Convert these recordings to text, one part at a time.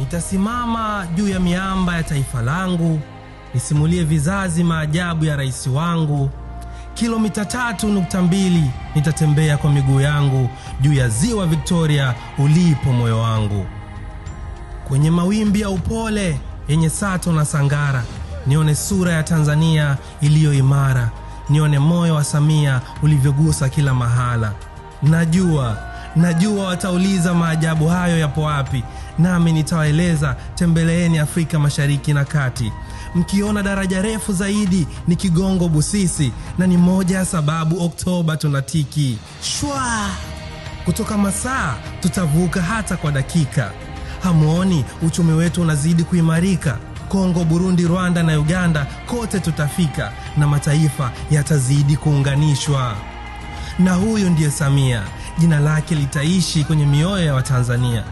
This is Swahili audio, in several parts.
Nitasimama juu ya miamba ya taifa langu, nisimulie vizazi maajabu ya rais wangu. Kilomita tatu nukta mbili nitatembea kwa miguu yangu juu ya ziwa Victoria ulipo moyo wangu, kwenye mawimbi ya upole yenye sato na sangara. Nione sura ya Tanzania iliyo imara, nione moyo wa Samia ulivyogusa kila mahala. Najua Najua watauliza maajabu hayo yapo wapi, nami nitawaeleza. Tembeleeni Afrika Mashariki na Kati. Mkiona daraja refu zaidi ni Kigongo Busisi, na ni moja ya sababu Oktoba tunatiki shwa. Kutoka masaa tutavuka hata kwa dakika. Hamwoni uchumi wetu unazidi kuimarika? Kongo, Burundi, Rwanda na Uganda, kote tutafika na mataifa yatazidi kuunganishwa. Na huyu ndiye Samia, jina lake litaishi kwenye mioyo ya Watanzania.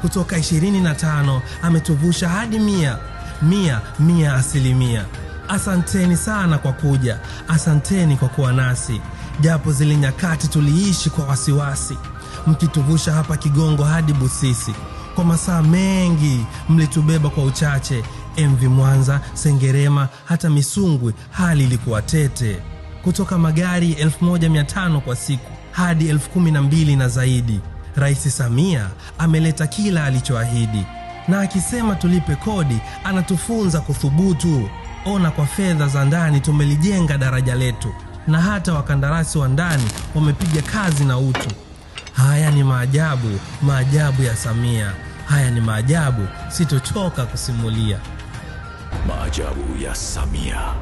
Kutoka 25 ametuvusha hadi mia mia mia asilimia. Asanteni sana kwa kuja, asanteni kwa kuwa nasi, japo zile nyakati tuliishi kwa wasiwasi, mkituvusha hapa Kigongo hadi Busisi. Kwa masaa mengi mlitubeba kwa uchache, MV Mwanza, Sengerema, hata Misungwi hali ilikuwa tete. Kutoka magari 1500 kwa siku hadi elfu kumi na mbili na zaidi. Rais Samia ameleta kila alichoahidi, na akisema tulipe kodi anatufunza kuthubutu. Ona, kwa fedha za ndani tumelijenga daraja letu, na hata wakandarasi wa ndani wamepiga kazi na utu. Haya ni maajabu, maajabu ya Samia. Haya ni maajabu, sitochoka kusimulia maajabu ya Samia.